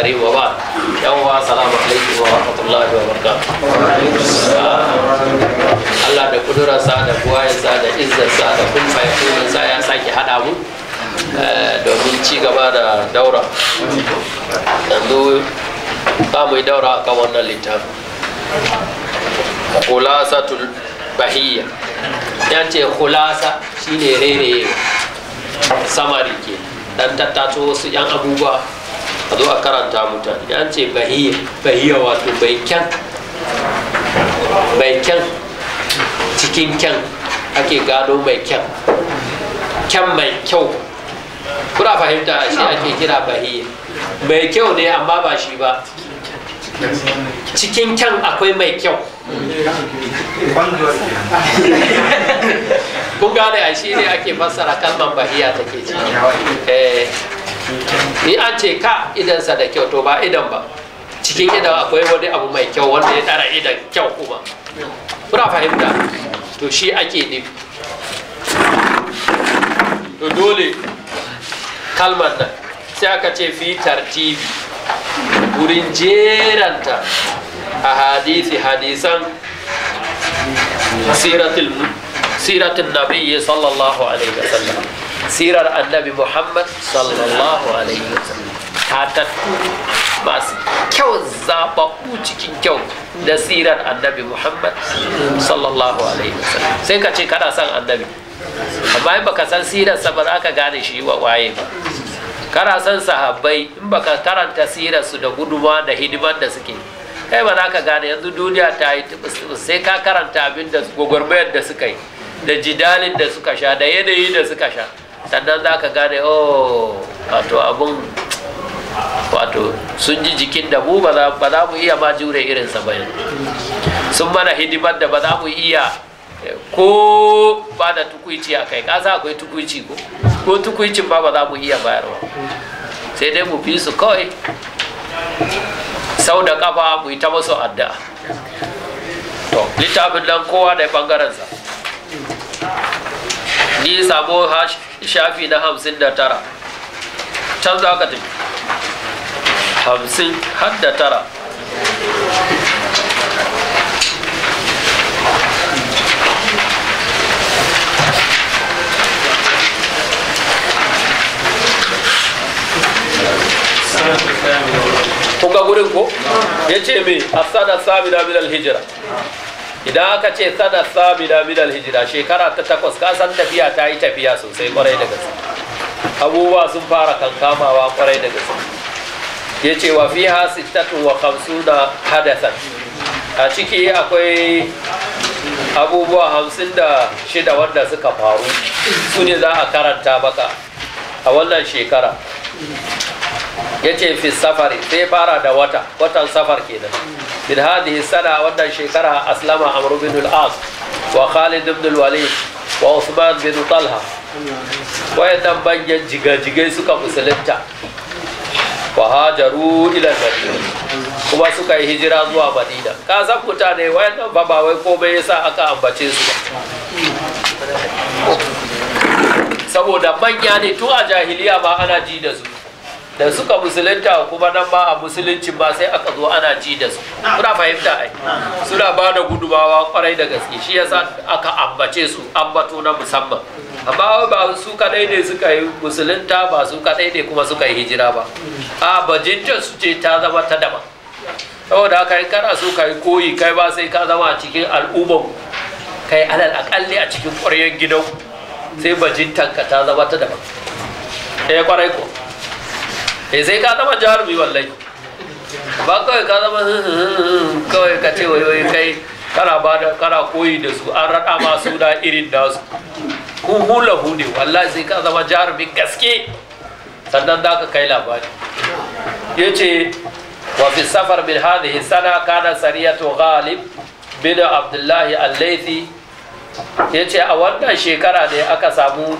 tare wa ba yan yawwa salamu alaikum wa rahmatullahi wa barakatuh Allah da kudurarsa da buwayarsa da izzarsa da kumfa ya ya sake hada mu eh, domin ci gaba da daura yanzu ba mu yi daura akan wannan littafin khulasatul bahiyya ya ce kulasa shine rere samari ke dan tattato wasu yan abubuwa a zo a karanta mutane an ce bahiyya bahiyya wato bai kyan bai kyan cikin kyan ake gano mai kyan kyan mai kyau kuna fahimta shi ake kira bahiyya mai kyau ne amma ba shi ba cikin kyan akwai mai kyau kun gane a shi ne ake fassara kalmar bahiya take ciki eh. ni an ce ka sa da kyau to ba idan ba cikin idan akwai wani abu mai kyau wanda ya dara idan kyau kuma kuna fahimta to shi ake ne to dole kalmar nan sai aka ce fi tartibi wurin jeranta a hadisi hadisan siratul nabi sallallahu alaihi wasallam sirar annabi muhammad sallallahu alaihi wasallam tatattu masu kyau zababbu cikin kyau da sirar annabi muhammad sallallahu alaihi wasallam sai ka ce kana son annabi amma in baka san sirarsa ba za ka gane shi wa waye ba kana son sahabbai in baka karanta sirarsu da guduma da hidiman da suke kai ba za ka gane yanzu duniya ta yi sai ka karanta abin da gwagwarmayar da suka yi da jidalin da suka sha da yanayi da suka sha sannan za ka gane oh wato abun wato sun ji jikin da mu ba za mu iya ma jure irinsa ba sun mana hidimar da ba za mu iya eh, ko ba da tukuici a kai kasa akwai tukuici ko ko tukuicin ba ba za mu iya bayarwa sai dai mu fi su kawai sau da kafa mu yi ta masu addu'a to littafin nan kowa da bangarensa ni sabo hashi shafi na hamsin da tara can za ka tafi hamsin har da tara kuka gurin ko ya ce mai asada sami na minal hijira idan aka ce sami na minal hijira shekara ta takwas kasan tafiya ta yi tafiya sosai kwarai da gasa abubuwa sun fara kankamawa kwarai da gasa ya ce wa fi ta sittatu wa kamsuna hadasan a ciki akwai abubuwa hamsin da shida wanda suka faru su ne za a karanta baka a wannan shekara ya ce fi safari sai fara da wata watan safar kenan min hadhihi sana wannan shekara aslama amr bin wa khalid ibn al-walid wa usman bin talha wayannan banyan suka musulunta kuma suka yi hijira zuwa madina ka san mutane wayannan ba ba wai komai yasa aka ambace su ba saboda manya ne tun a jahiliya ma ana ji da su da suka musulunta kuma nan ba a musuluncin ba sai aka zo ana ji da su kuna fahimta ai suna ba da gudubawa kwarai da gaske shi yasa aka ambace su ambato na musamman amma ba su kadai ne suka yi musulunta ba su kadai ne kuma suka yi hijira ba a bajinta su ce ta zama ta daba saboda haka in kana so ka yi koyi kai ba sai ka zama a cikin al'ummar kai alal akalli a cikin ƙwaryen gidan sai bajintanka ta zama ta daba ɗaya eh, kwarai ko e sai ka zama jarumi wallahi ba kawai ka zama kawai ka ce wayoyi kai kana ba da kana koyi da su an raɗa ma su da irin da su ku hula hude wallahi sai ka zama jarumin gaske sannan za ka kai labari ya ce wa fi safar bin hadhihi sana kana sariyatu ghalib bin abdullahi al-laythi ya ce a wannan shekara ne aka samu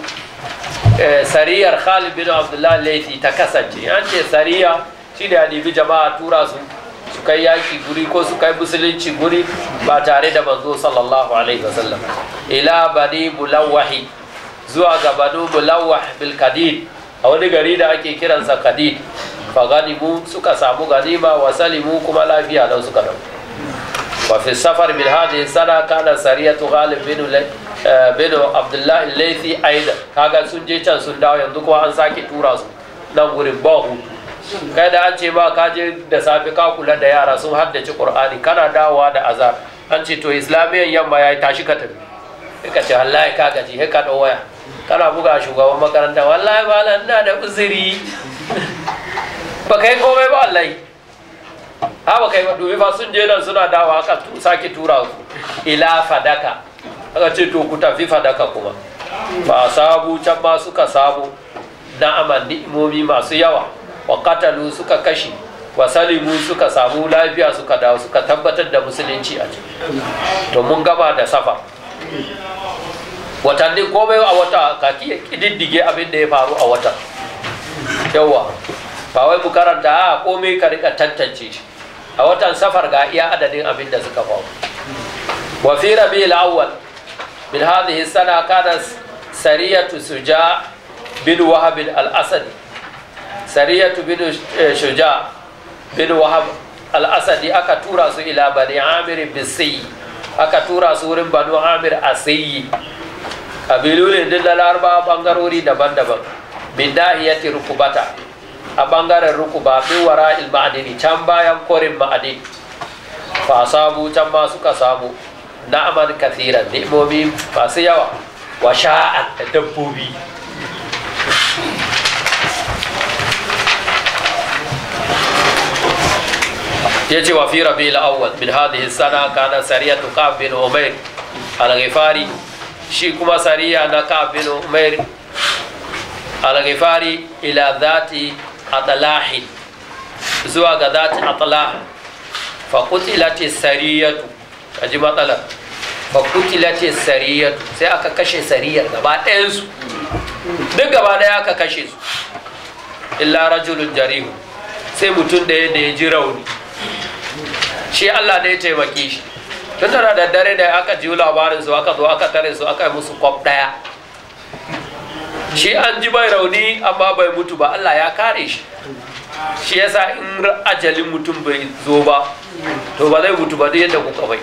Eh, sariyar khalid bin abdullah laifi ta kasance an ce sariya shi da ɗibi jama'a tura su su kai yaki guri ko su kai musulunci guri ba tare da manzo sallallahu alaihi wasallam ila bani bulawahi zuwa ga banu bulawah bil kadid a wani gari da ake kiransa kadid fa ganimu suka samu ganima wa salimu kuma lafiya don suka dauka wa fi safar min hadhihi sana kana sariyatu ghalib bin Eh, bello abdullahi laifi aida kaga sun je can sun dawo yanzu kuma an sake tura su nan gurin ba hutu kai da an ce ba ka je da safe ka kula da yara sun haddace qur'ani kana dawowa da azar an ce to islamiyyar yamma yayi tashi ka tafi ka ce wallahi ka gaji he ka waya kana buga shugaban makaranta wallahi malam ina da uzuri ba kai komai ba wallahi ha ba kai ba domin fa sun je nan suna dawowa kan sake tura su ila fadaka aka ce to ku tafi fadaka kuma ba sabu can ma suka sabu aman ni'imomi masu yawa wa katalu suka kashi. wa salimu suka samu lafiya suka dawo suka tabbatar da musulunci a ciki to mun gaba da safa watanni komai a wata kaki kididdige abin da ya faru a wata yawa ba wai mu karanta a komai ka rika tantance shi a watan safar ga iya adadin abin da suka faru wa fi rabi'ul awwal bil hadhihi sana kana sariyatu suja bin wahab bin shuja bin al asadi aka tura su ila bani amir bisi aka tura su wurin banu amir asiyi kabilu ne duk da larabawa bangarori daban-daban min dahiyati rukubata a bangaren rukuba min wara can bayan korin ma'adini can ma suka samu na'aman kathiran ni'imomi masu yawa wa sha'an da dabbobi ya ce wa fi rabi la'awal min hadhihi sana kana sariyatu ka'b bin umair al-ghifari shi kuma sariya na ka'b bin umair al-ghifari ila dhati atlahi zuwa ga dhati fa qutilat as-sariyatu a ji matsalar ba kutila ce sariyar sai aka kashe sariyar gaba ɗayansu duk gaba ɗaya aka kashe su illa rajulun jarihu sai mutum ɗaya da ya ji rauni shi allah ne ya taimake shi tun da daddare da aka ji labarin su aka zo aka tare su aka yi musu kwab ɗaya shi an ji bai rauni amma bai mutu ba allah ya kare shi shi yasa in ajalin mutum bai zo ba to ba zai mutu ba duk yadda kuka bai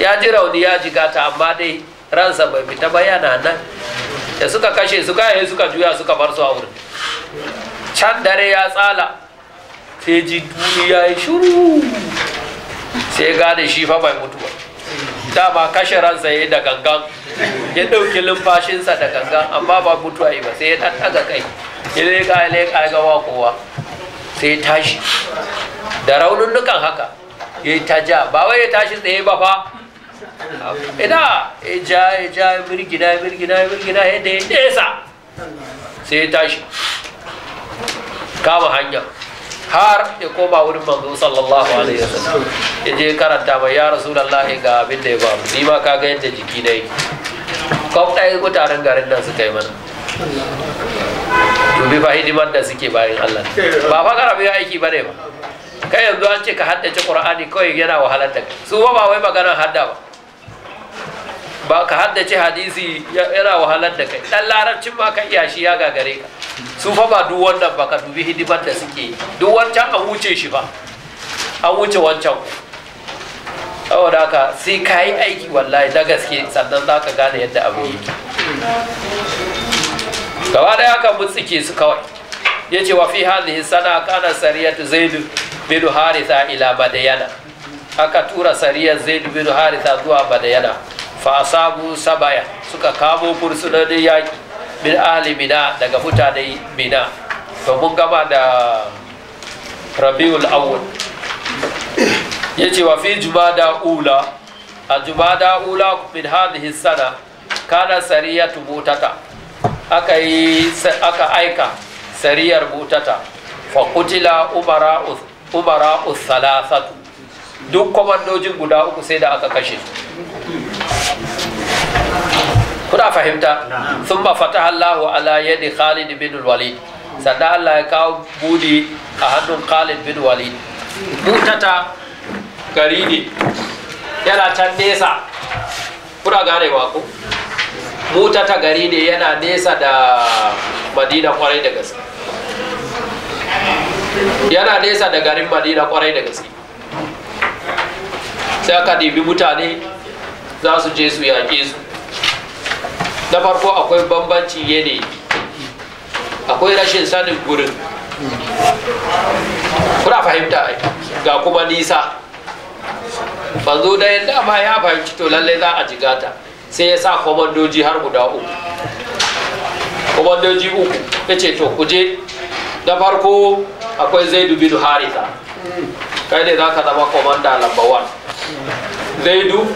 ya ji rauni ya ji gata, amma dai ransa bai fita ba yana nan da suka kashe su yi suka juya suka bar su a wurin can dare ya tsala sai ji duniya ya shuru sai gane shi fa bai mutu ba dama kashe ransa ya yi da gangan ya ɗauki lumfashinsa da gangan amma ba mutu a yi ba sai ya ɗan ɗaga kai ya leƙa ya leƙa ya gawa kowa sai tashi da raunin dukan haka ya ta ja ba wai ya tashi tsaye ba fa ina ya ja ya ja ya mirgina ya mirgina ya ya yadda ya nesa sai ya tashi kama hanya har ya koma wurin manzo sallallahu alaihi wasallam ya je karanta mai ya rasulullahi ga abin da ya ba mu ni ma kaga yadda jiki na yi ɗaya mutanen garin nan suka yi mana dubi fa hidimar da suke bayan Allah ba fa karabi aiki bane ba kai yanzu an ce ka haddace Qur'ani kawai yana wahalar da su ba ba wai magana hadda ba ba ka haddace hadisi yana wahalar da kai dan larabcin ma kan shi ya gagare ka su fa ba duk wannan ba ka dubi hidimar da suke duk wancan an wuce shi ba an wuce wancan saboda haka sai ka yi aiki wallahi da gaske sannan za ka gane yadda abu yake gaba daya aka mutsike su kawai ya ce wa fi hadhihi sana kana sariyatu zaid bin haritha ila badayana aka tura sariyar zaid bin haritha zuwa badayana fa asabu sabaya suka kamo fursunonin yaki bin ahli mina daga mutane mina to mun gama da rabiul awwal ya ce wa fi jumada ula a jumada ula min hadhihi sana kana sariyatu mutata aka yi aka aika sariyar butata fa kutila ubara ubara duk komandojin guda uku sai da aka kashe kuna fahimta sun ba fata Allahu ala yadi Khalid bin Walid sannan Allah ya kawo budi a hannun Khalid bin Walid butata gari ne yana can nesa kuna ganewa ku? muta ta gari ne yana nesa da madina kwarai da gaske yana nesa da garin madina kwarai da gaske sai aka ɗabi mutane za su je su yaƙe su na farko akwai bambanci yanayi akwai rashin sanin gurin kuna fahimta ga kuma nisa zo da yadda ma ya fahimci to lallai za a jigata sai ya sa kwamandoji har guda uku kwamandoji uku ya ce to kuje da farko akwai dubi da harita kai ne za ka zama kwamanda lamba 1 zaidu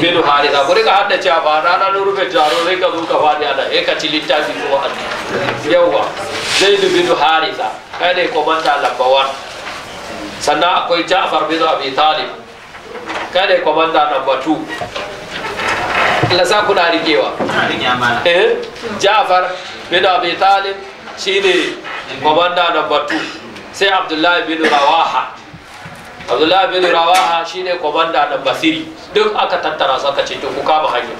bin haritha ku rika cewa ba ranar rufe jaro zai ka zo ka faɗi ana ya ka ci littafi ko hannu yawwa zaidu bin haritha kai ne kwamanda lamba wan sannan akwai ja'far bin abi talib kai ne kwamanda lamba 2 Allah sa kuna rikewa eh Ja'far bin Abi Talib shine komanda na batu sai Abdullahi bin Rawaha Abdullahi bin Rawaha shine komanda na basiri duk aka tattara su aka ce to ku kama hanya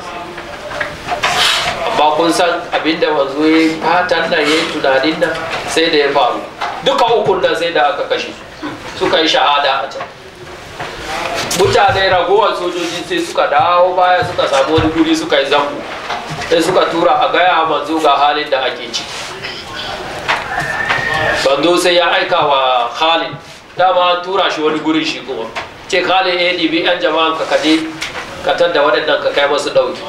amma kun san abinda wanzu ya fatan nan ya yi tunanin nan sai da ya faru duka ukun nan sai da aka kashe suka yi shahada a can mutane ragowar sojoji sai suka dawo baya suka samu wani guri suka yi zango sai suka tura a gaya manzo ga halin da ake ci Bando sai ya aika wa halin dama an tura shi wani guri shi kuma ce halin ya ɗibi yan jama'an ka kaje ka da waɗannan ka kai masu ɗauki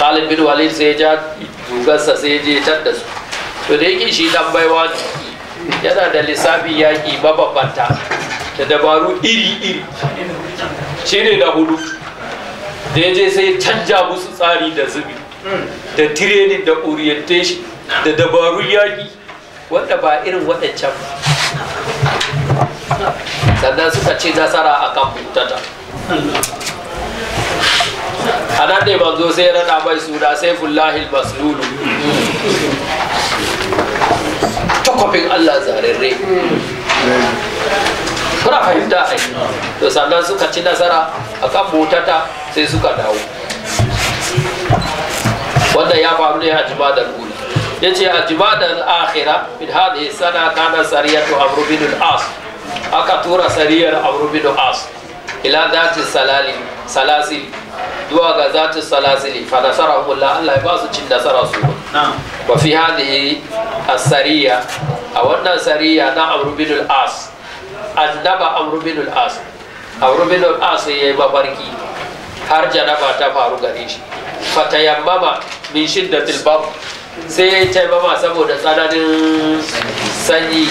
halin bin walid sai ja dugarsa sai je tar da su to da yake shi dan baiwa yana da lissafin yaƙi mabambanta da dabaru iri-iri shi ne na hudu da ya je sai canja musu tsari da zubi da training da orientation da dabarun yaƙi wanda ba irin waɗancan ba sannan suka ce nasara a kan mutata a nan ne manzo sai rana mai suna sai fullahil maslulu takwafin allah zarirre kuna fahimta ai to sannan suka ci nasara akan motata sai suka dawo wannan ya faru ne a jimadar ula ya ce a jimadar akhira min hadhihi sana kana sariyatu amru bin al-as aka tura sariyar amru bin al-as ila zati salali salasil zuwa ga zati salasili fa nasarahu Allah Allah ya ba su cin nasara su wa fi hadhihi as-sariya a wannan sariya na amru bin al-as aznaba amru bin al-as amru bin al-as yayi mafarki har janaba ta faru gare shi tayammama min shiddatil bar sai ya yi taimama saboda tsananin sanyi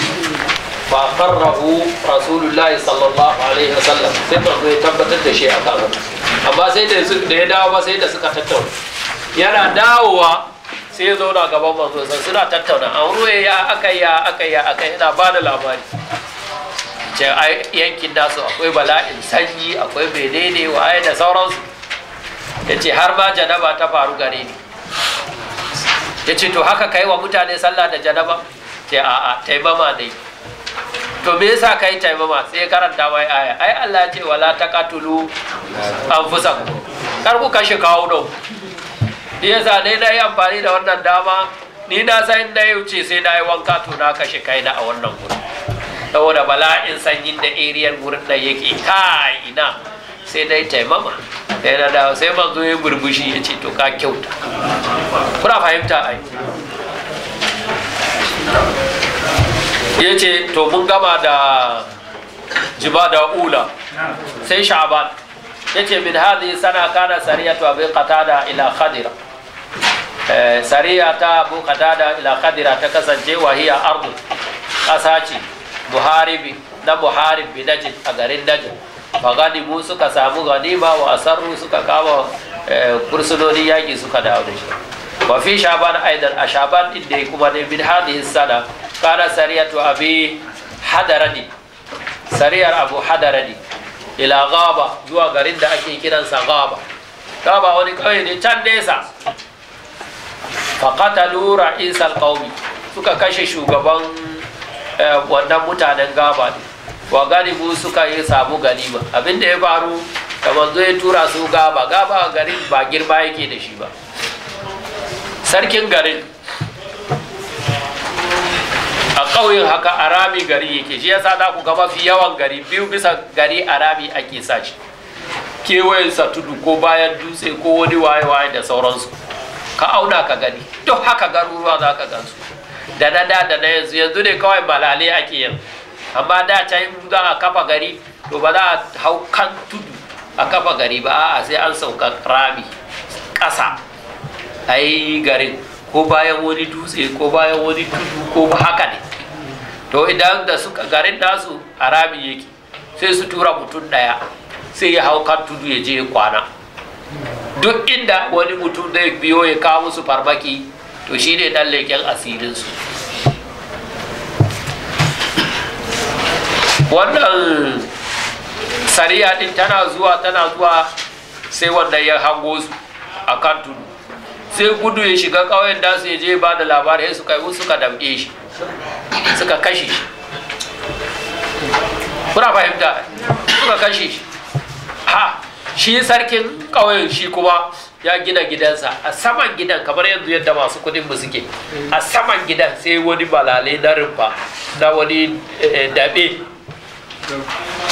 fa qarrahu rasulullahi sallallahu alaihi wasallam sai manzo ya tabbatar da shi a kan amma sai da ya dawo ba sai da suka tattauna yana dawowa sai ya da gaban manzo sai suna tattauna an ruwe ya aka ya aka ya aka yana ba da labari ce yankin nasu akwai bala'in sanyi akwai menene waye da sauransu ya ce har ba janaba ta faru gare ni ya ce to haka kai wa mutane sallah da janaba ce a'a taimama ne to me yasa kai taimama sai karanta mai aya ai Allah ya ce wala taqatulu anfusakum kar ku kashe kawo don sa dai na yi amfani da wannan dama ni na san da yau sai na yi wanka to na kashe kaina a wannan gurin saboda bala'in sanyin da ariyar gurin da yake kai ina sai dai taimama sai na dawo sai manzo ya burbushi ya ce to ka kyauta kuna fahimta yi ya ce to mun gama da jiba da ula sai sha'ban ya ce min hadhihi sana kana abin kata da ila khadira eh, sariya ta abu da ila khadira ta kasance wahiya ardu ƙasa ce bi na buhari bi dajin a garin dajin ba mu suka samu ba wa asarru suka kama kursunonin eh, yaƙi suka dawo da shi wa fi shaban aidan a shaban din da kuma ne min hadhihi sana kana sariyatu abi hadarani sariyar abu hadarani ila gaba zuwa garin da ake kiransa gaba gaba wani kawai ne can nesa lura ra'isal qaumi suka kashe shugaban Eh, wannan mutanen gaba ne wa galibu suka yi samu ganima da ya faru da manzo ya tura su gaba gaba a garin ba girma yake da shi ba sarkin garin a ƙauyen haka arami gari yake shi ya sa za ku ga mafi yawan gari biyu bisa gari arami ake sa shi kewayensa tudu ko bayan dutse ko wani waye-waye da sauransu ka auna ka gani duk haka garuruwa za ka gansu da na da da na yanzu yanzu ne kawai malale ake yanzu amma da can za a kafa gari to ba za a hau kan tudu a kafa gari ba a sai an sauka rami ƙasa a yi garin ko bayan wani dutse ko bayan wani tudu ko ba haka ne to idan da suka garin nasu a rami yake sai su tura mutum ɗaya sai ya hau kan tudu ya je kwana duk inda wani mutum zai biyo ya kawo musu farmaki to shi ne dan leƙen asirinsu wannan sariya din tana zuwa tana zuwa sai wanda ya hango su a kan tudu sai gudu ya shiga ƙauyen da su je ba da labari ya suka yi suka damke shi suka kashe shi kuna fahimta suka kashe shi ha shi sarkin ƙauyen shi kuma ya gina gidansa a saman gidan kamar yanzu yadda masu kudin mu suke a saman gidan sai wani balale na rumfa na wani eh, dabe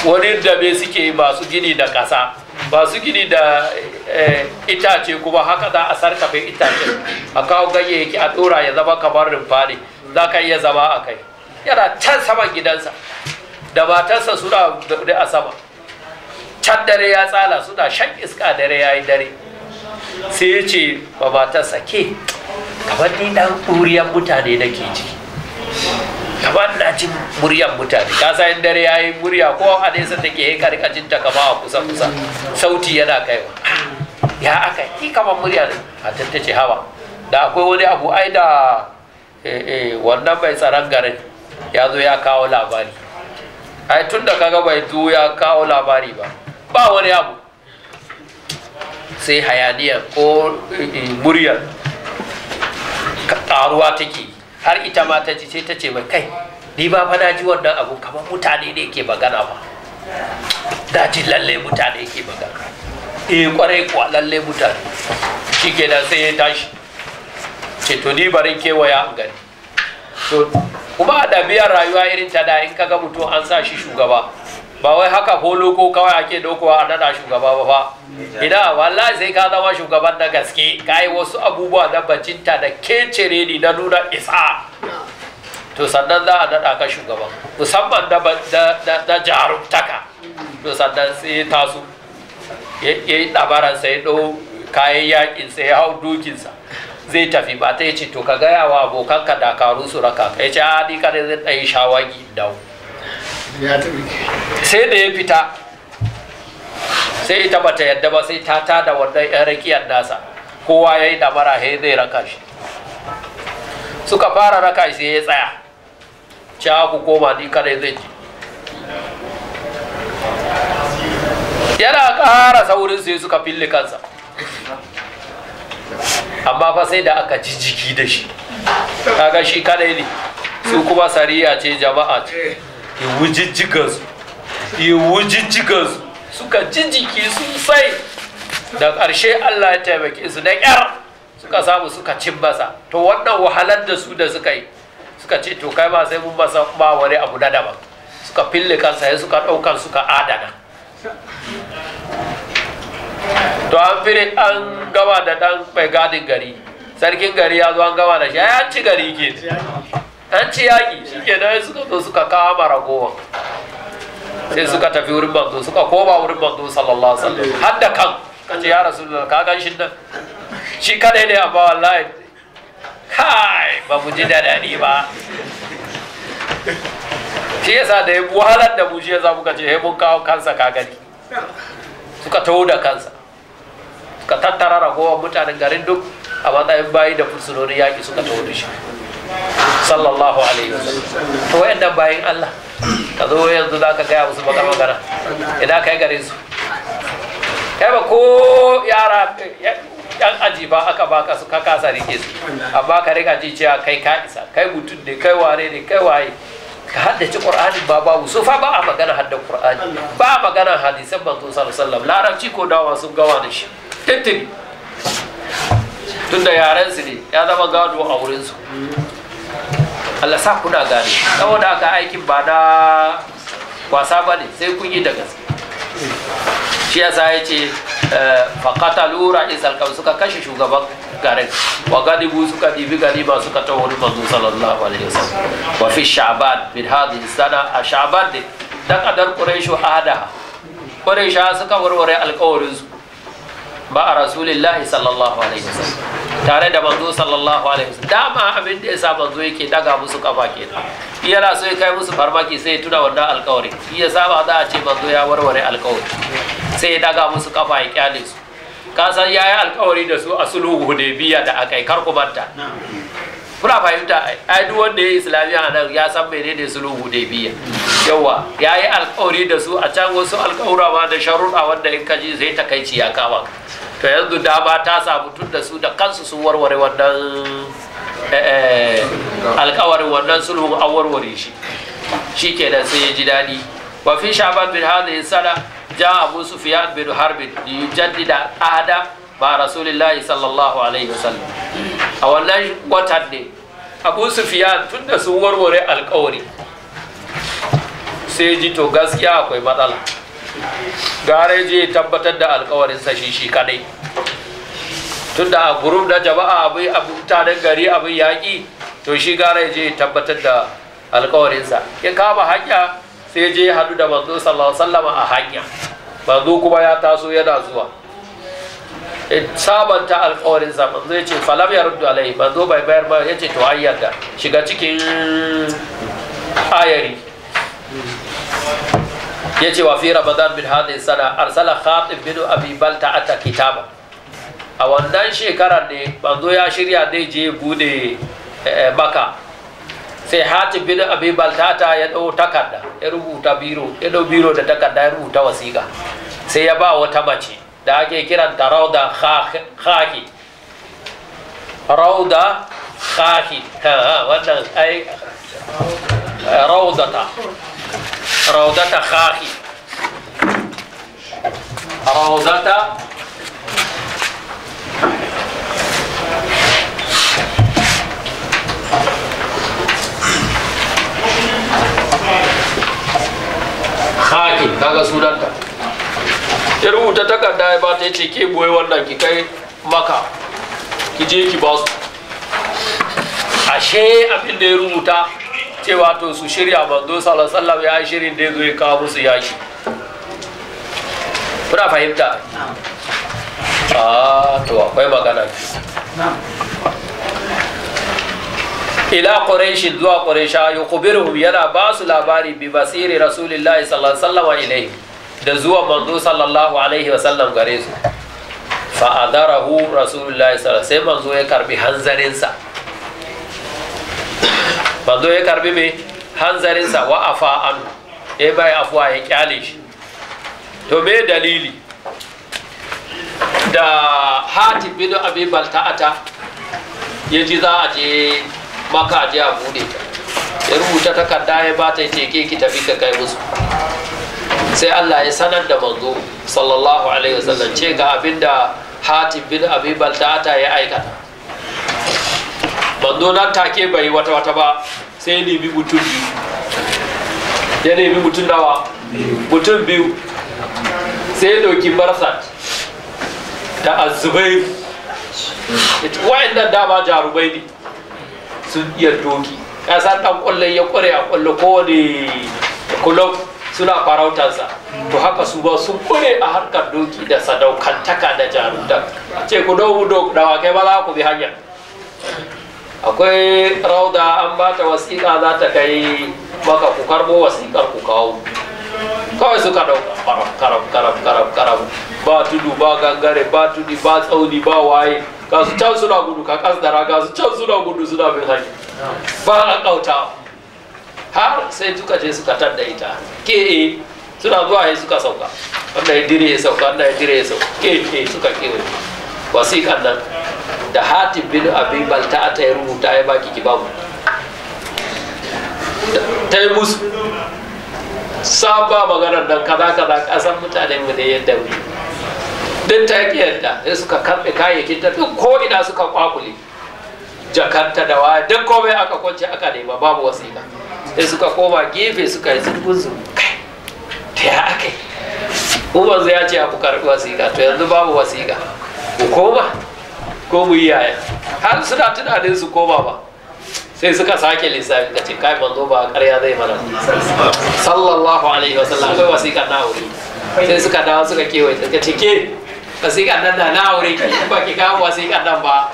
wani dabe suke masu gini da kasa masu gini da eh, itace kuma haka za a sarkafe itace, a kawo ganyayyaki a dora ya zama kamar rumfa ne za ka iya zama a kai yana can saman gidansa da matarsa suna da a sama can dare ya tsala suna shan iska dare ya yi dare sai ya ce ba ba ta sake kamar ni dan ɗuriyar mutane ke ji kamar na ji muryar mutane ka san dare ya yi murya ko a nesa take yi karkacin ta kama a kusa kusa sauti yana kaiwa ya aka yi kamar murya ne a tattace hawa da akwai wani abu ai da eh, eh, wannan mai tsaron garin ya zo ya kawo labari ai tun da kaga bai zo ya kawo labari ba ba wani abu sai hayaniya ko eh, muryar ƙaruwa take har ita ma ta ce sai ta ce mai kai ni ba fada ji wannan abu kamar mutane ne ke magana ba da ji lalle mutane ke magana eh kwarai kuwa lalle mutane shi kenan sai ya tashi ce to ni bari kewaya an gani to kuma a ɗabi'ar rayuwa irin ta da in kaga mutum an sa shi shugaba ba wai haka holo ko kawai ake dokowa a dada shugaba ba ba idan wallahi sai ka zama shugaban da gaske ka yi wasu abubuwa da bacinta da kecere ni na nuna isa to sannan za a dada ka shugaban musamman da jarumtaka to sannan sai taso ya yi dabaran sai ɗau kayan yakin sai hau dukinsa zai tafi ba ta yi ce to ka gaya wa abokanka dakaru su raka ka yi ce a ni kare zai ɗaya shawagi dawo sai da ya fita sai ita bata yadda ba sai ta tada wannan yan rakiyar nasa kowa ya yi damara he zai raka shi suka fara raka shi ya tsaya cewa ku koma ni kada zai ji yana ƙara saurin sai suka fili kansa amma fa sai da aka ji jiki da shi kaga shi kadai ne su kuma sariya ce jama'a ce eh. ya wujijjika su ya wujijjika su suka jijjiki sosai da ƙarshe Allah ya taimake su da ƙyar suka samu suka cin basa to wannan wahalar da su da suka yi suka ce to kai ma sai mun basa ba wani abu na daban suka fille kansa ya suka ɗaukan suka adana to an fili an gama da ɗan mai gadin gari sarkin gari ya zo an gama da shi ya ci gari ke an ci yaƙi shi ke nan suka zo suka kama ragowar sai suka tafi wurin manzo suka koma wurin manzo sallallahu alaihi wasallam har da kan kace ya rasulullah ka gan shi nan shi kadai ne a ba wallahi kai ba mu ji da dadi ba shi yasa da ya buhalar da mu shi yasa muka ce he mun kawo kansa ka gani suka taho da kansa suka tattara ragowar mutanen garin duk a matsayin bayi da fursunonin yaƙi suka taho da shi sallallahu alaihi wasallam to wayannan bayin Allah ka zo yanzu za ka gaya musu baka magana idan kai gare su kai ba ko yara yan aji ba aka baka su ka kasa rike su amma ka rika ji cewa kai ka isa kai mutum ne kai ware ne kai waye ka haddace qur'ani ba ba su fa ba a magana haddan qur'ani ba a magana hadisan manzo sallallahu alaihi wasallam larabci ko dawa sun gawa da shi tintin tunda yaren su ne ya zama gado a wurin su Allah sa kuna gane saboda aka aikin ba na kwasa ba ne sai kun yi da gaske shi yasa ya ce eh, fakata lura in kam suka kashe shugaban garin wa galibu suka ɗibi ba suka ta wani mazu sallallahu alaihi wasallam wa fi sha'ban bin hadhihi sana a sha'ban ne dan adar quraishu ahada quraisha suka warware alƙawarin su ba a rasulillahi sallallahu alaihi wasallam tare da manzo sallallahu alaihi wasallam dama abin da yasa manzo yake daga musu kafa kenan iya so ya kai musu farmaki sai ya tuna wannan alkawari iya yasa ba za a ce manzo ya warware alkawari sai ya daga musu kafa ya kyale su ka san yayi alkawari da su a sulhu hudaybiya da akai kar ku banta kuna fahimta ai duk wanda ya islamiyya a nan ya san ne menene sulhu biya yawa ya yi alkawari da su a can wasu alkawura ma da sharuɗa wanda in kaji zai takaici ya kama to yanzu dama ta samu tun da su da kansu sun warware wannan eh, eh, alkawarin wannan sulhun an warware shi shi ke da sai ya ji daɗi wa fi shaban bin ya sana ja abu sufyan bin harbin yujaddida ahada ba rasulillahi sallallahu alaihi wasallam a wannan watan ne abu fiya tun da sun warware alkawari sai ji to gaskiya akwai matsala gare je tabbatar da sa shi shi kadai tun da a gurum da jama'a abu mutanen gari abin yaƙi to shi gare je tabbatar da sa. ya kama hanya sai je hadu da manzo sallallahu alaihi wasallam a hanya manzo kuma ya taso yana zuwa sabanta alkawarin zaman zai ya ce falam ya rudu alai zo bai bayar ba ya ce to an yarda shiga cikin ayari ya ce wa fi ramadan bin hadin sana arsala khatib bin abi balta ata kitaba a wannan shekarar ne Banzo ya shirya dai je bude eh, maka sai hati bin abi baltata ya dau takarda ya rubuta biro ya dau biro da takarda ya rubuta wasiƙa sai ya ba wata mace دا کې کړه د راو د خاخ خاخي راو د خاخي ودا اي راودته راودته خاخي راودته خاکی کاغذ صورت کا ya rubuta takarda ya bata ya ce ke boye wannan ki kai maka ki je ki ba su ashe abin da ya rubuta cewa to su shirya manzo sallallahu ya yi shirin da ya zo ya kawo musu yaki kuna fahimta a ah, to akwai magana ila quraish zuwa quraisha yukhbiruhum yana ba su labari bi basiri rasulillahi sallallahu alaihi wasallam da zuwa manzo sallallahu alaihi wasallam gare su fa'adarahu rasulullahi sallallahu sai manzo ya karbi hanzarinsa manzo ya karbi mai hanzarinsa wa afa an ya bai afuwa ya kyale shi to me dalili da hati bin abi balta'ata ya ji za a je maka je a bude ya rubuta takarda ya ba ta ce ki tafi ka kai musu sai Allah ya sanar da manzo sallallahu alaihi wasallam ce ga abinda Hatib bin Abi Baltata ya aikata manzo nan take bai wata wata ba sai bi mutum biyu ya bi mutum dawa mutum biyu sai ya dauki barsat da azubai wa'annan dama jarumai ne sun iya doki kasan dan ƙwallon ya kware a kwallo kowane kulob suna farautarsa to haka su ba su kure a harkar doki da sadaukantaka da jarumta ce ku da dawakai ba za ku bi hanya, akwai rauda an ba ta wasiƙa za ta kai maka ku karbo wasiƙar ku kawo kawai suka ɗauka karam karam karam karam karam ba tudu ba gangare ba tudu ba tsauni ba waye ga su can suna gudu ka kasdara ga su can suna gudu suna bin hanya ba a ƙautawa har sai suka je suka tadda ita ke e suna zuwa ya suka sauka wanda ya dire ya sauka wanda ya dire ya sauka ke e suka kewaye wasiƙan nan da hati bin abin balta ta yi rubuta ya baki ki babu ta yi musu saba maganar nan kaza kaza kasan mutanen mu ne yadda wuri din ta ƙi yadda sai suka karɓe kayayyakin ta duk ko ina suka kwakule jakanta da waya duk komai aka kwance aka nema babu wasiƙa sai suka koma gefe suka yi zurgun kai ta ya ake yi ya ce abu karɓi wasiƙa to yanzu babu wasiƙa ku koma ko mu yi yaya har suna tunanin su koma ba sai suka sake lissafi ka ce kai manzo ba ƙarya zai mana sallallahu alaihi wasallam akwai wasiƙa na aure sai suka dawo suka kewaye ta ka cike wasiƙa nan da na aure ki ba ki kawo wasiƙa nan ba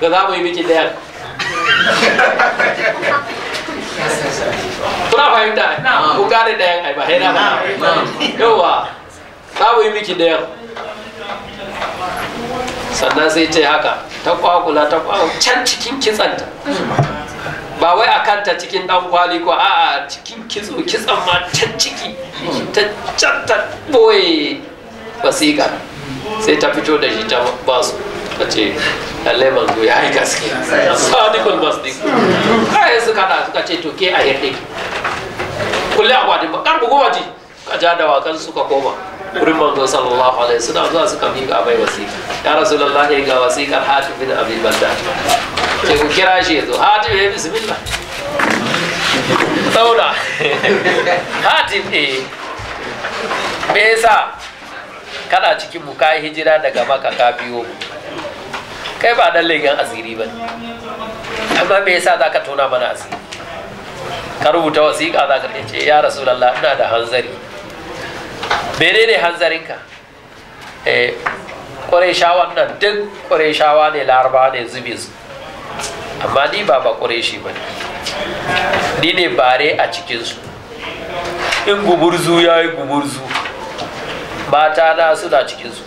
da za mu yi miki ɗayan kuna fahimta ku kare ɗayan ai ba yawa miki ɗayan sannan sai ce haka ta ta can cikin ba wai a kanta cikin dan ko a'a cikin kitso ma can ciki ta boye wasiƙa sai ta fito da ta suka ce ban zo ya yi gaske sadiqul masdiq kai suka da suka ce to ke a yake. kulli ba kan bugu ji. ka ja wakan suka koma wurin manzo sallallahu alaihi suna zuwa suka ga bai wasiƙa ya rasulullahi ga wasiƙa hatu bin abi banda ke ku kira shi yazo hatu ya eh, bismillah sauna hatu eh me yasa kana cikin mu ka hijira daga maka ka biyo mu kai ba dan legan asiri ba amma me yasa za ka tona mana asiri ka rubuta wasiƙa za ka ce ya rasulallah ina da hanzari ne hanzarinka eh ƙureshawan nan duk ƙureshawa ne laraba ne zubi su amma ni ba ba ƙureshi ba ni ne bare a cikinsu in guburzu ya yi guburzu mata na suna cikinsu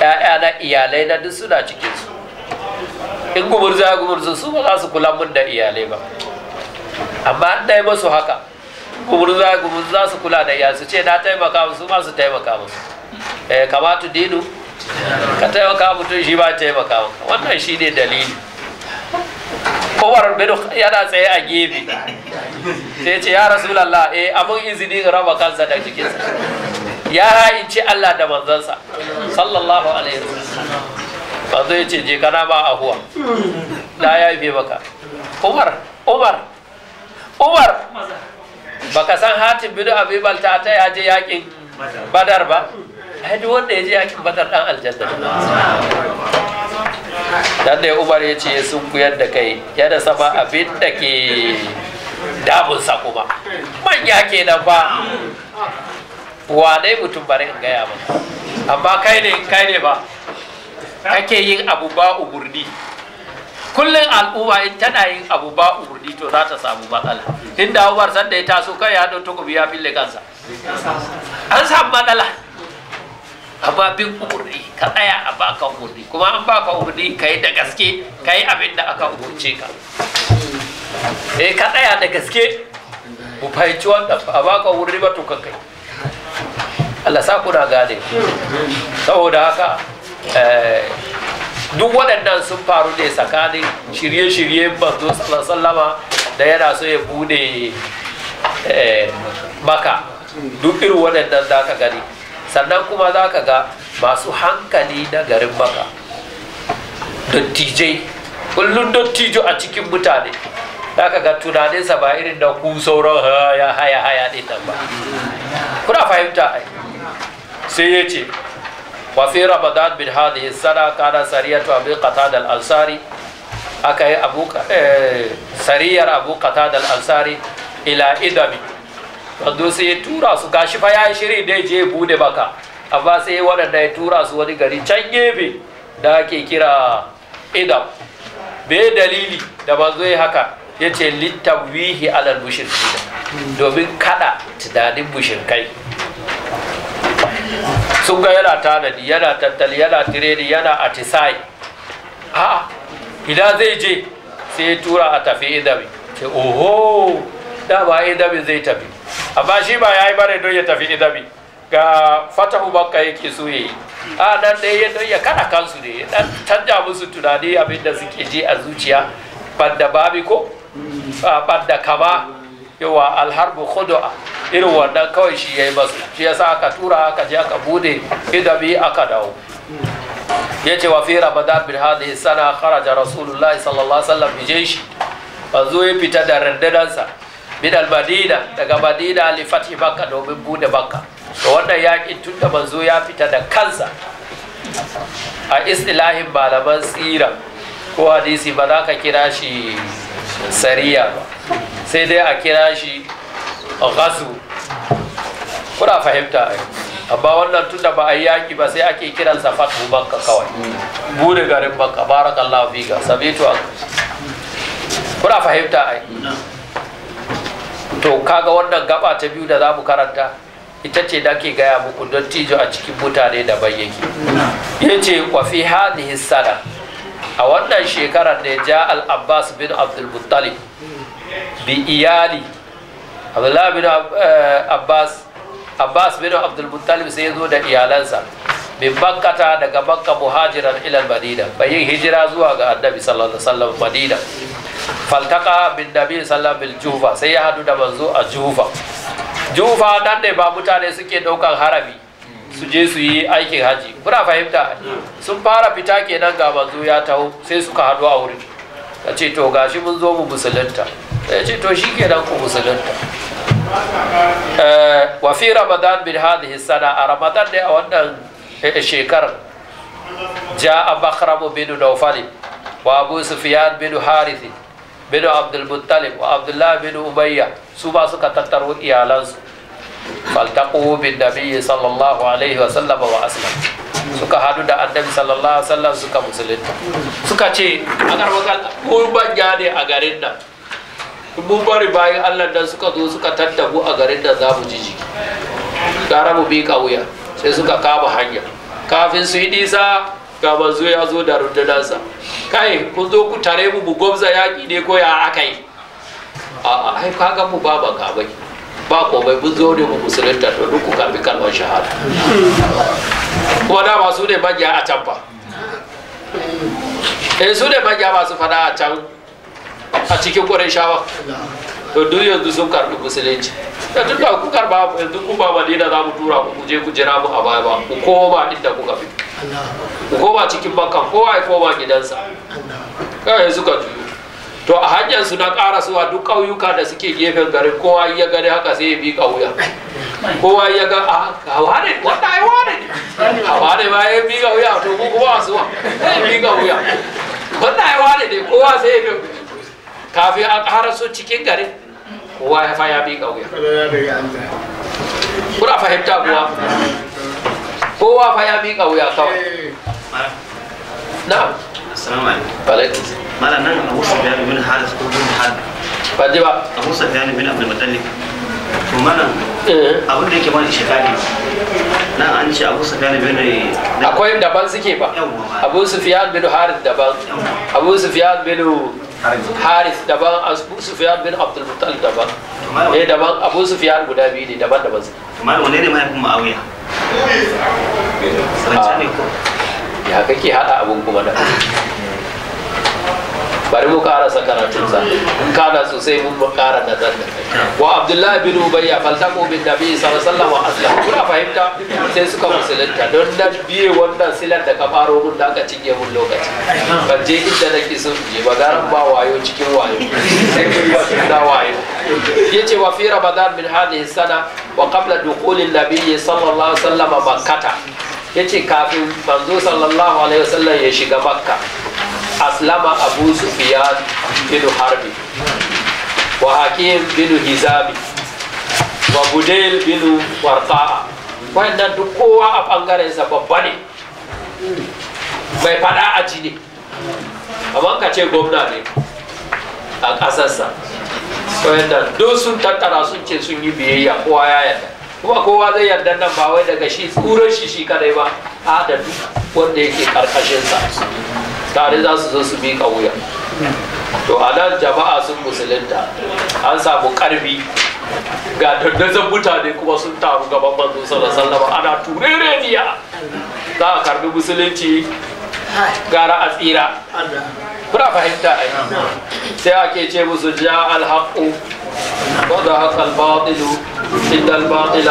'ya'ya na iyalai na duk suna cikin su in gumurzu ya gumurzu su ba za su kula mun da iyalai ba amma an dai masu haka gumurzu ya gumurzu za su kula da iyalai su ce na taimaka musu ma su taimaka musu eh kamatu dinu ka taimaka mutum shi ba taimaka maka wannan shi ne dalili kowar bin yana tsaye a gefe sai ce ya rasulallah eh abin izini raba kansa da jikinsa ya ha'inci Allah da manzansa sallallahu alaihi wasallam ba ya ce je kana ba a huwa da ya yi baka umar umar umar baka san hatin bidu abi balta ta ya je yakin badar ba ai duk wanda ya je yakin badar dan aljanna dan da umar ya ce sun kuyar da kai ya da sama abin da ke dabun sa kuma yake nan ba wane mutum bari in gaya ba, amma kai ne in kai ne ba kake yin abu ba uburdi kullum al'umma in tana yin abu ba uburdi to za ta samu matsala inda umar sanda ya taso kai ya ɗau tukubi ya fille kansa an samu matsala amma bin uburdi ka tsaya a baka uburdi kuma an baka uburdi ka yi da gaske ka yi abin da aka umarce ka eh ka tsaya da gaske ku fahimci wannan a baka uburdi ba to kai Allah sa kuna gane saboda haka eh, duk waɗannan sun faru ne tsakanin shirye-shirye manzo sallama da yana so ya bude eh, maka duk irin waɗannan za ka gani sannan kuma za ka ga masu hankali na garin maka dattijai kullum dattijo a cikin mutane za ka ga tunaninsa ba irin da ku sauran haya haya haya ɗin nan ba kuna fahimta ai sai ya ce wa fi rabadat bin hadhihi sana kana to abu qatada al-ansari aka yi abu eh, sariyar abu qatada al-ansari ila idami wanda sai ya tura su gashi fa yi shiri da je bude baka amma sai waɗanda ya tura su wani gari can gefe da ake kira idam be dalili da ba zo haka ya ce littawihi alal mushirki domin kada tunanin mushirkai sun yana tanadi yana tattali yana tireni yana atisai a ina zai je sai tura a tafi idami ce oho dama idami zai tafi amma shi ba ya yi bare don ya tafi idami ga fata hubanka yake so ya yi a nan da ya don ya kada kansu ne dan canja musu tunani abinda suke je a zuciya banda babi ko banda kama yawa alharbu khudu'a irin wannan kawai shi yi masu, shi sa aka tura aka je aka bude idabi aka dawo ce wa fi rabada bil ya sana kharaja rasulullah sallallahu alaihi wasallam bi jayshi bazo ya fita da randadansa min al daga madina li fathi bakka domin bude bakka to wannan yakin tun da manzo ya fita da kansa a istilahin malaman tsira ko hadisi ba za ka kira shi sariya ba sai dai a kira shi ghazu kuna fahimta amma wannan tun da ba a yaki ba sai ake kiran fatu banka kawai bude garin bakka barakallahu fika sabitu kuna fahimta ai to kaga wannan gaba ta biyu da za mu karanta ita ce da ke gaya muku don tijo a cikin mutane da bayyaki ya ce kwafi hadhihi sana a wannan shekarar ne ja al-abbas bin abdulmuttalib bi iyali abdullahi bin eh, abbas abbas bin abdulmuttalib sai zo da iyalansa min bakkata daga bakka muhajiran ilal madina bayin hijira zuwa ga annabi sallallahu alaihi wasallam madina faltaka bin nabi sallallahu alaihi jufa sai ya hadu da manzo a jufa jufa nan ne ba mutane suke daukan harami su je su yi aikin haji kuna fahimta sun fara fita kenan ga manzo ya taho sai suka hadu a wurin ya ce to gashi mun zo mu musulunta ya ce to shi kenan ku musulunta eh, wa fi ramadan bin hadhihi sana a ramadan ne a wannan eh, shekarar ja bakhram bin nawfal wa abu sufyan bin harith bin abdul muttalib wa abdullah bin umayya su ba suka tattaro iyalansu faltaku bin nabiyyi sallallahu alaihi wa sallama wa aslam suka hadu da annabi sallallahu alaihi wasallam suka musulunta suka ce a harba ko banja ne a garin nan mun bari bayan allah dan suka zo suka tattabu a garin da za mu ji jiki gara mu bi kawuya sai suka kaba hanya kafin su yi nisa ga manzo ya zo da rundunansa kai kun zo ku tare mu mu gwabza yaƙi ne ko ya aka yi a'a ai kaga mu ba ba ka bai ba ko bai bu zo ne mu musulunta to duk ku karbi kalmar shahada kuma ba su ne manya a can ba eh su ne manya masu fada a can a cikin ƙurin shawa to duk yanzu sun karbi musulunci da duk da ku karba yanzu ku ba madina za mu tura ku je ku jira mu a baya ba ku koma inda kuka fi ku koma cikin makka kowa ya koma gidansa kai ka juyo to a hanyar su na suwa duk ƙauyuka da suke gefen garin kowa ya gani haka sai ya bi ƙauya kowa ya ga ah, a wane wata ai wane a wane ma ya bi ƙauya to mu kuma wasu wa ya bi ƙauya wata ai wane ne kowa sai ya bi kafin a su cikin gari kowa ya fa ya bi ƙauya kuna fahimta kuwa kowa fa ya bi ƙauya kawai na'am assalamu alaikum alaikum abin da yake shekari an ce abu bin akwai daban suke ba abu sufyan bin haris daban abu bin haris daban abu sufyan bin abdul mutallib daban eh daban abu sufyan guda biyu ne daban daban su malam wane ne mahaifin ma'awiya ya kake hada abun kuma da bari mu sa in kana sosai mun kara da da wa abdullahi bin ubayya faltaqu bin nabi sallallahu alaihi wa kuna fahimta sai suka musulunta don da biye wannan silar da ka faro mun da ka cinye mun lokaci ban je inda nake son je ba garan ba wayo cikin wayo sai kun da wayo yace wa fi ramadan min hadhihi sana wa qabla dukhulin nabi sallallahu alaihi wasallam makkata yace kafin manzo sallallahu alaihi wa sallam ya shiga makka aslama abu sufiyan bin harbi wa hakim bin hizabi wa budel bin warqa'a wannan duk kowa a bangaren sa babba ne mai fada a ji ne amma ka ce gwamna ne a ƙasarsa wannan duk sun tattara sun ce sun yi biyayya kowa ya yarda kuma kowa zai yarda nan ba wai daga shi tsuran shi shi kadai ba a da duk wanda yake karkashin sa tare za su zo su miƙa wuya to a nan jama'a sun musulunta an samu karfi ga dandazon mutane kuma sun taru gaban manzo sallallahu alaihi wasallam ana niya za a karbi musulunci غارا أسيرا برا فهمتا سياكي جيبوس جاء الحق وضحق الباطل إن الباطل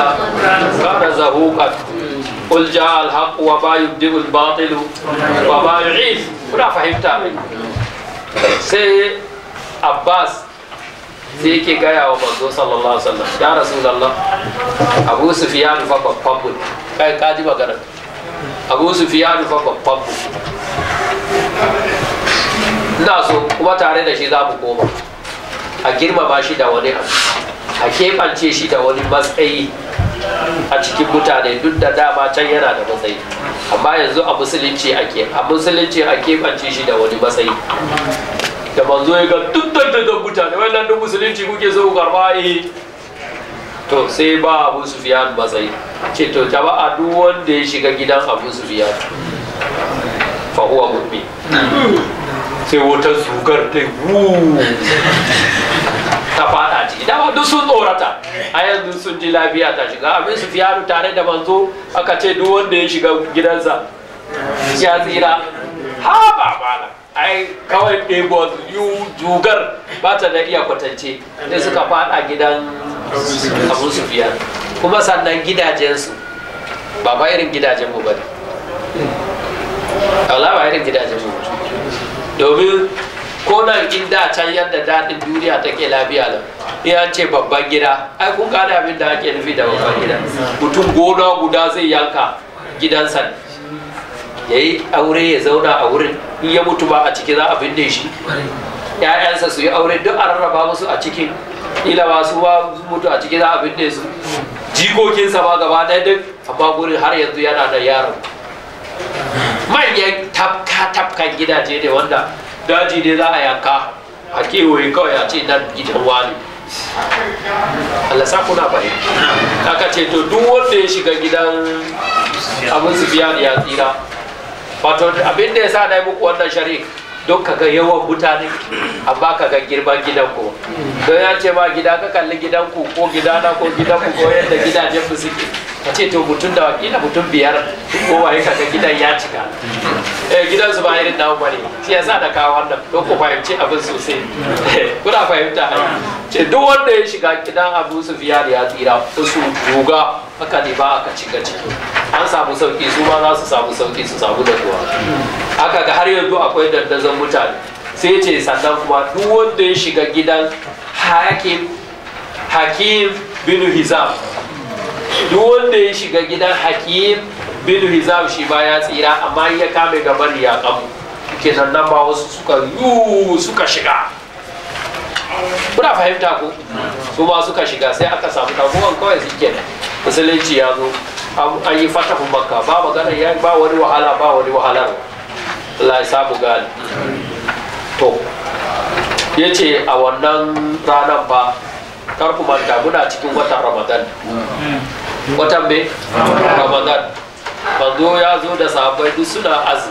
كان زهوكا قل جاء الحق وما يبدئ الباطل وما يعيد برا فهمتا سي عباس سيكي غايا وبدو صلى الله عليه وسلم يا رسول الله أبو سفيان فبب فبب كاي كاتبا غرد أبو سفيان فبب فبب na so kuma tare da shi za mu koma a girmama shi da wani abu a keɓance shi da wani matsayi a cikin mutane duk da dama can yana da matsayi amma yanzu a musulunci a musulunci a keɓance shi da wani matsayi da manzo ya ga duk da mutane wannan duk musulunci kuke so karba eh to sai ba abu sufiyan matsayi ce to jama'a duk wanda ya shiga gidan abu sufiyan fa huwa mu'min sai wata zugar ta wu ta fada ciki dama duk sun tsorata a yanzu sun ji lafiya ta shiga abin su fiyaru tare da manzo aka ce duk wanda ya shiga gidansa ya tsira ha ba bala ai kawai ɗebo yu zugar ba ta da iya kwatance sai suka fada gidan abin su fiya kuma sannan gidajensu ba ba irin gidajen mu ne Allah ba irin gidajen domin ko nan in da can yadda daɗin duniya take lafiya lau iya ce babban gida ai kun gane abin da ake nufi da babban gida mutum gona guda zai yanka gidansa ya yi aure ya zauna a wurin in ya mutu ba a ciki za a binne shi ‘ya'yansa su yi aure duk a rarraba musu a cikin ila ba su ba mutu a ciki za a binne su jikokinsa ba gaba ɗaya duk amma gurin har yanzu yana da yaron manyan tafka tafkan gidaje ne wanda daji ne za a yanka a kewaye kawai a ce nan gidan wani Allah sa kuna bari kaka ce to duk wanda ya shiga gidan abin su biya ya tsira wato abin da ya sa na yi muku wannan shari'a don ka ga yawan mutane amma ka ga girman gidanku don ya ce ba gida ka kalli gidanku ko gidana ko gidanku ko yadda gidajen mu suke ka ce to mutum da wakila mutum biyar kowa ya kaka gidan ya cika Eh, gidan su ba irin namu bane shi yasa da kawo wannan don ku fahimci abin sosai eh, kuna fahimta ce duk wanda ya shiga gidan Abu Sufyan ya tsira su ruga haka ne ba aka cika ciki an samu sauki su ma za su samu sauki su samu da kuwa haka ga har yanzu akwai dandazon mutane sai ce sannan kuma duk wanda ya shiga gidan hakim hakim bin hizam duk wanda ya shiga gidan hakim bin hizab shi ba ya tsira amma ya kame ga bari ya kamu ke nan nan ba wasu suka yu suka shiga kuna fahimta ko su ba suka shiga sai aka samu taguwan kawai su ke musulunci ya zo an yi fata fatahun makka ba magana ya ba wani wahala ba wani wahalar Allah ya samu gani to ya ce a wannan ranar ba kar ku manta muna cikin watan ramadan watan me ramadan manzo ya zo da sahabbai duk suna azu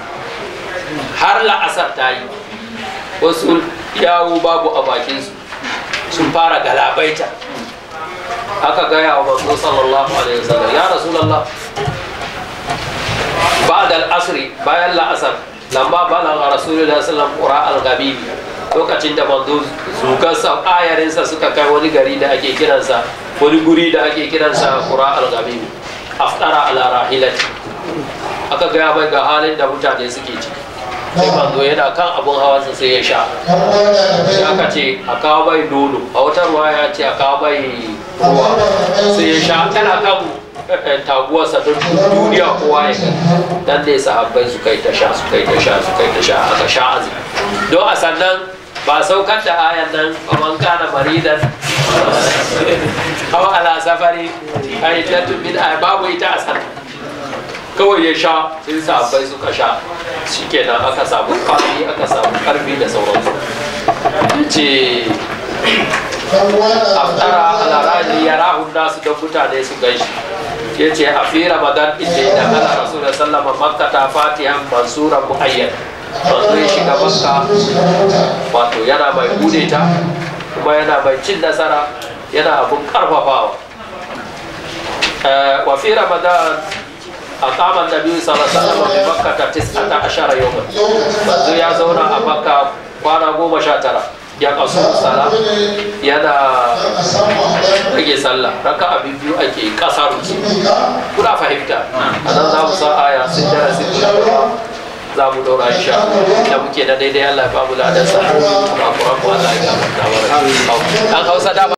har la'asar ta yi wasu yawo babu a bakinsu sun fara galabaita aka gaya wa manzo sallallahu alaihi wasallam ya rasulullah ba'dal asri bayan la'asar lamba balagha rasulullah sallallahu alaihi wasallam qura al-ghabib lokacin da manzo zukarsa ayarinsa suka kai wani gari da ake kiransa wani guri da ake kiransa ƙura al-ghabib aftara ala rahilati aka gaya bai ga halin da mutane suke ciki sai manzo yana kan abun hawansa sai ya sha sai aka ce a kawo bai nono a wata ruwa ya ce a kawo bai ruwa sai ya sha tana kan don duniya kowa ya ga dan ne sahabbai su kai ta sha su kai ta sha su kai ta sha aka sha azi don a sannan ba saukar da ayan nan a man kana maridan aw ala safari aidatun min babu ita a sanar kawai ya sha sai sahabbai suka sha shikenan aka samu fari aka samu karfi da sauransu ce aftara alaraji ya rahun nasu don mutane su gan shi ya ce a fi ramadan inda ya da ala rasu da sallama makka ta fatihan mansura mu'ayyana manzo ya shiga wato yana mai bude ta kuma yana mai cin nasara yana abin karfafawa eh, wa fi ramadan أقام ta صلى الله عليه وسلم بمكة تسعة ya zauna a يزور kwana goma sha tara, ya kasu sala yana rage sallah raka abin biyu ake kasar kuna fahimta a nan za mu sa aya sun jara sun za mu daura sha da muke da daidai Allah ya ba mu ladansa kuma kuma Allah ya gafarta mana an hausa dama